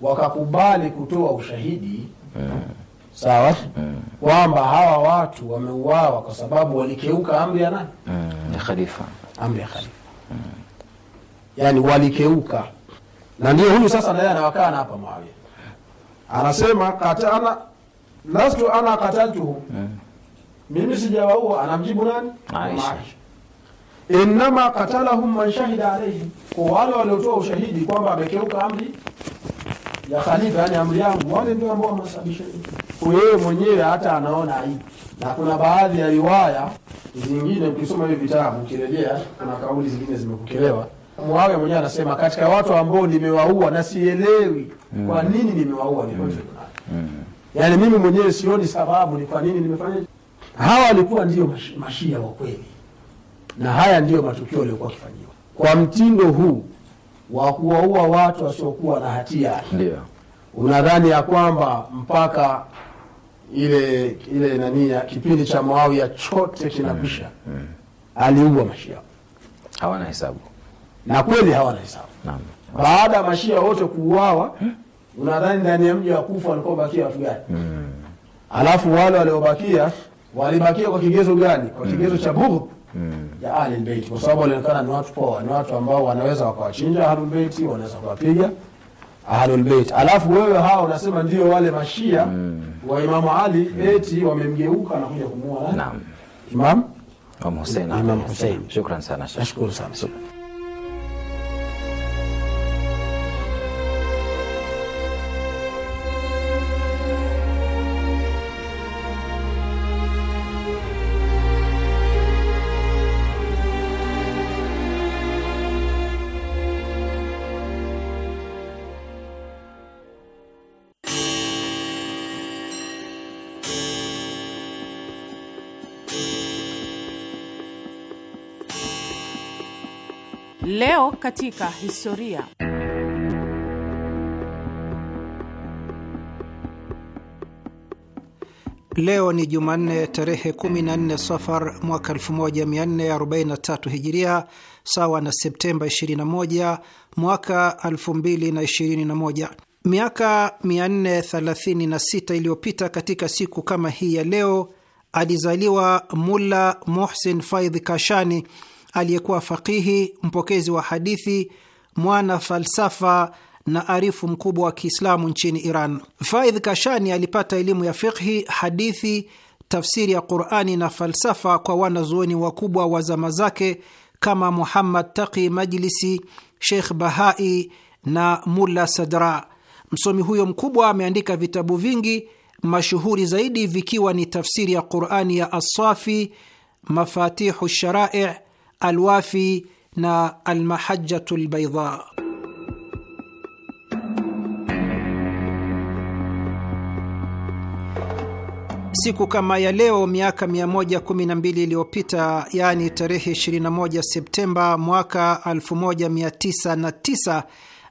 wakakubali kutoa ushahidi mm. sawa mm. kwamba hawa watu wameuawa kwa sababu walikeuka amri ya nani mm. ya khalifa amri ya khalifa mm. yani walikeuka na ndio huyu sasa naye na hapa Muawiya anasema katana lastu ana kataltuhum mm. mimi sijawaua anamjibu nani Aisha innama katalahum man shahida alayhi, kwa wale waliotoa ushahidi kwamba amekeuka amri ya khalifa, yani amri yangu, wale ndio ambao wamesababisha. Yeye mwenyewe hata anaona hii, na kuna baadhi ya riwaya zingine, ukisoma hivi vitabu ukirejea, kuna kauli zingine zimepokelewa Muawiya mwenyewe anasema katika watu ambao nimewaua na sielewi mm. kwa nini nimewaua ni mm. mm. yaani mimi mwenyewe sioni sababu ni kwa nini nimefanya. Hawa walikuwa ndio mashia wa kweli na haya ndiyo matukio yaliyokuwa akifanyiwa kwa mtindo huu wa kuwaua watu wasiokuwa na hatia. Ndio unadhani ya kwamba mpaka ile ile nani ya kipindi cha Muawiya chote kinakwisha? Mm, mm, mm. Aliua mashia hawana hesabu, na kweli hawana hesabu. Naam, baada ya mashia wote kuuawa, unadhani ndani ya mji wa Kufa walikuwa watu gani? mm. Alafu wale waliobakia walibakia kwa kigezo gani? Kwa mm. kigezo mm. cha bughd mm ya Ahlul Bait, kwa sababu walionekana ni watu poa, ni watu ambao wanaweza wakawachinja Ahlul Bait, wanaweza kuwapiga Ahlul Bait. Alafu wewe hao unasema ndio wale mashia mm. wa Imamu Ali mm. eti wamemgeuka na kuja kumuua Naam. Imam Imam Hussein. Imam Shukran sana. Nashukuru sana. Shukran. Leo katika historia. Leo ni Jumanne tarehe 14 Safar mwaka 1443 Hijiria, sawa na Septemba 21 mwaka 2021. Miaka 436 iliyopita katika siku kama hii ya leo alizaliwa Mulla Muhsin Faidh Kashani, aliyekuwa fakihi, mpokezi wa hadithi, mwana falsafa na arifu mkubwa wa Kiislamu nchini Iran. Faidh Kashani alipata elimu ya fiqhi, hadithi, tafsiri ya Qurani na falsafa kwa wanazuoni wakubwa wa zama zake kama Muhammad Taqi Majlisi, Sheikh Bahai na Mulla Sadra. Msomi huyo mkubwa ameandika vitabu vingi, mashuhuri zaidi vikiwa ni tafsiri ya Qurani ya Assafi, Mafatihu Sharai Alwafi na Almahajatu Lbaidha. Siku kama ya leo miaka 112 iliyopita, yaani tarehe 21 Septemba mwaka 1909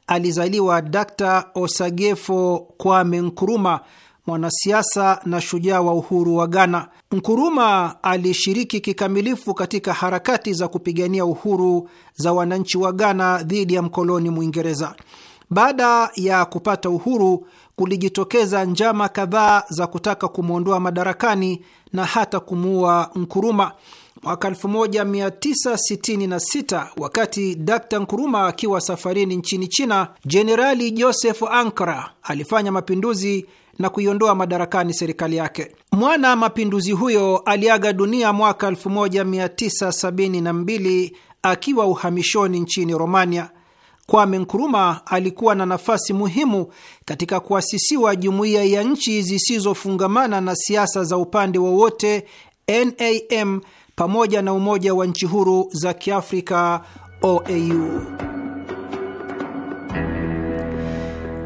alizaliwa Dr. Osagefo Kwame Nkruma, mwanasiasa na shujaa wa uhuru wa Ghana. Nkuruma alishiriki kikamilifu katika harakati za kupigania uhuru za wananchi wa Ghana dhidi ya mkoloni Mwingereza. Baada ya kupata uhuru, kulijitokeza njama kadhaa za kutaka kumwondoa madarakani na hata kumuua Nkuruma. Mwaka 1966 wakati Dkt. Nkuruma akiwa safarini nchini China, Jenerali Joseph Ankara alifanya mapinduzi na kuiondoa madarakani serikali yake. Mwana mapinduzi huyo aliaga dunia mwaka 1972 akiwa uhamishoni nchini Romania. Kwame Nkuruma alikuwa na nafasi muhimu katika kuasisiwa jumuiya ya nchi zisizofungamana na siasa za upande wowote NAM, pamoja na umoja wa nchi huru za Kiafrika OAU.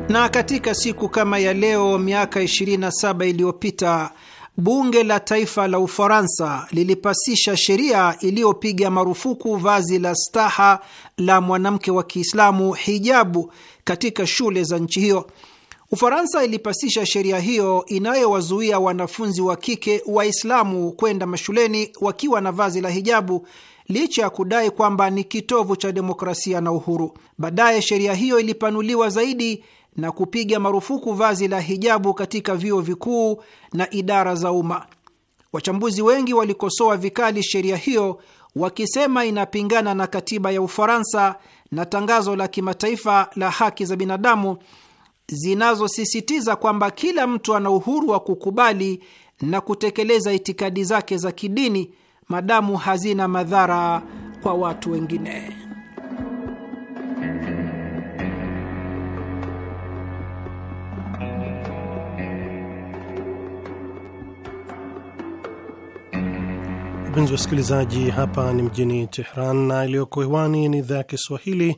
Na katika siku kama ya leo miaka 27 iliyopita bunge la taifa la Ufaransa lilipasisha sheria iliyopiga marufuku vazi la staha la mwanamke wa Kiislamu, hijabu, katika shule za nchi hiyo. Ufaransa ilipasisha sheria hiyo inayowazuia wanafunzi wa kike Waislamu kwenda mashuleni wakiwa na vazi la hijabu licha ya kudai kwamba ni kitovu cha demokrasia na uhuru. Baadaye sheria hiyo ilipanuliwa zaidi na kupiga marufuku vazi la hijabu katika vyuo vikuu na idara za umma. Wachambuzi wengi walikosoa vikali sheria hiyo wakisema inapingana na katiba ya Ufaransa na tangazo la kimataifa la haki za binadamu zinazosisitiza kwamba kila mtu ana uhuru wa kukubali na kutekeleza itikadi zake za kidini madamu hazina madhara kwa watu wengine. wapenzi wasikilizaji, hapa ni mjini Tehran na iliyoko hewani ni idhaa ya Kiswahili,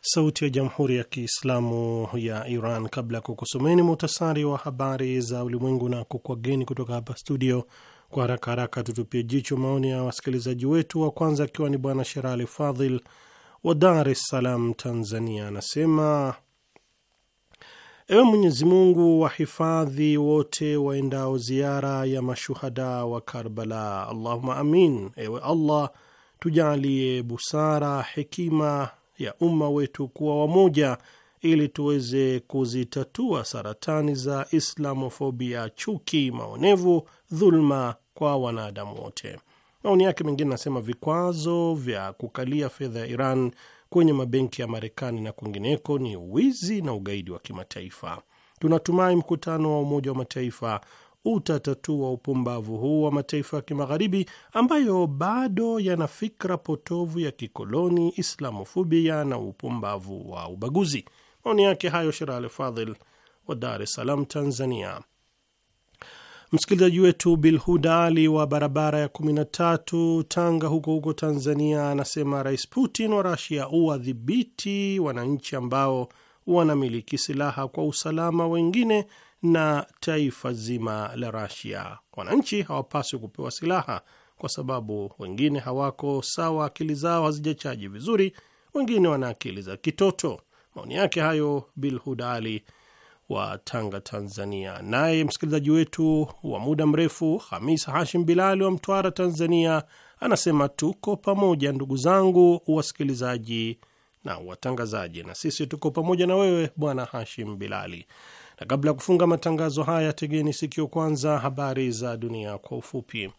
Sauti ya Jamhuri ya Kiislamu ya Iran. Kabla ya kukusomeni muhtasari wa habari za ulimwengu na kukwageni kutoka hapa studio, kwa haraka haraka tutupie jicho maoni ya wasikilizaji wetu. Wa kwanza akiwa ni Bwana Sherali Fadhil wa Dar es Salaam, Tanzania, anasema Ewe Mwenyezi Mungu, wahifadhi wote waendao ziara ya mashuhada wa Karbala. Allahumma amin. Ewe Allah, tujalie busara, hekima ya umma wetu kuwa wamoja, ili tuweze kuzitatua saratani za islamofobia, chuki, maonevu, dhulma kwa wanadamu wote. Maoni yake mengine anasema vikwazo vya kukalia fedha ya Iran kwenye mabenki ya Marekani na kwingineko ni wizi na ugaidi wa kimataifa. Tunatumai mkutano wa Umoja wa Mataifa utatatua upumbavu huu wa mataifa ya kimagharibi ambayo bado yana fikra potovu ya kikoloni, islamofobia na upumbavu wa ubaguzi. Maoni yake hayo Shirale Fadhil wa Dar es Salaam, Tanzania. Msikilizaji wetu Bilhuda Ali wa barabara ya 13 Tanga huko huko Tanzania anasema Rais Putin wa Rasia uwadhibiti wananchi ambao wanamiliki silaha kwa usalama wengine na taifa zima la Rasia. Wananchi hawapaswi kupewa silaha kwa sababu wengine hawako sawa, akili zao hazijachaji vizuri, wengine wana akili za kitoto. Maoni yake hayo Bilhuda Ali wa Tanga, Tanzania. Naye msikilizaji wetu wa muda mrefu Hamis Hashim Bilali wa Mtwara, Tanzania, anasema tuko pamoja ndugu zangu wasikilizaji na watangazaji, na sisi tuko pamoja na wewe bwana Hashim Bilali. Na kabla ya kufunga matangazo haya, tegeni sikio kwanza habari za dunia kwa ufupi.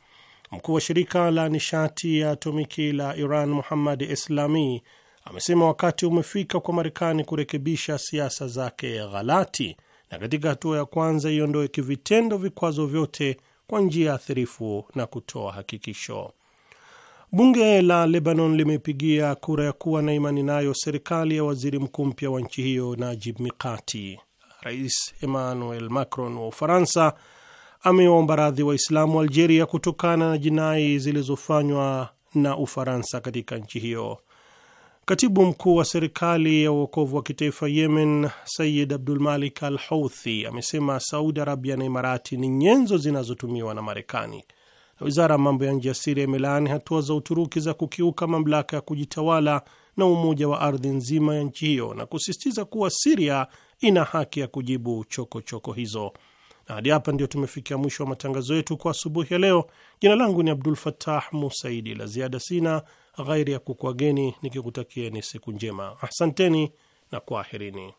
Mkuu wa shirika la nishati ya atomiki la Iran Muhammad Islami amesema wakati umefika kwa Marekani kurekebisha siasa zake ghalati na katika hatua ya kwanza iondoe kivitendo vikwazo vyote kwa njia athirifu na kutoa hakikisho. Bunge la Lebanon limepigia kura ya kuwa na imani nayo serikali ya waziri mkuu mpya wa nchi hiyo Najib Mikati. Rais Emmanuel Macron wa Ufaransa ameomba radhi Waislamu wa Algeria kutokana na jinai zilizofanywa na Ufaransa katika nchi hiyo. Katibu mkuu wa serikali ya uokovu wa kitaifa Yemen, Sayid Abdulmalik al Houthi, amesema Saudi Arabia na Imarati ni nyenzo zinazotumiwa na Marekani. Na wizara ya mambo ya nje ya Siria imelaani hatua za Uturuki za kukiuka mamlaka ya kujitawala na umoja wa ardhi nzima ya nchi hiyo na kusisitiza kuwa Siria ina haki ya kujibu chokochoko choko hizo. Na hadi hapa ndio tumefikia mwisho wa matangazo yetu kwa asubuhi ya leo. Jina langu ni Abdul Fatah Musaidi. La ziada sina ghairi ya kukwageni nikikutakieni siku njema. Asanteni na kwaherini.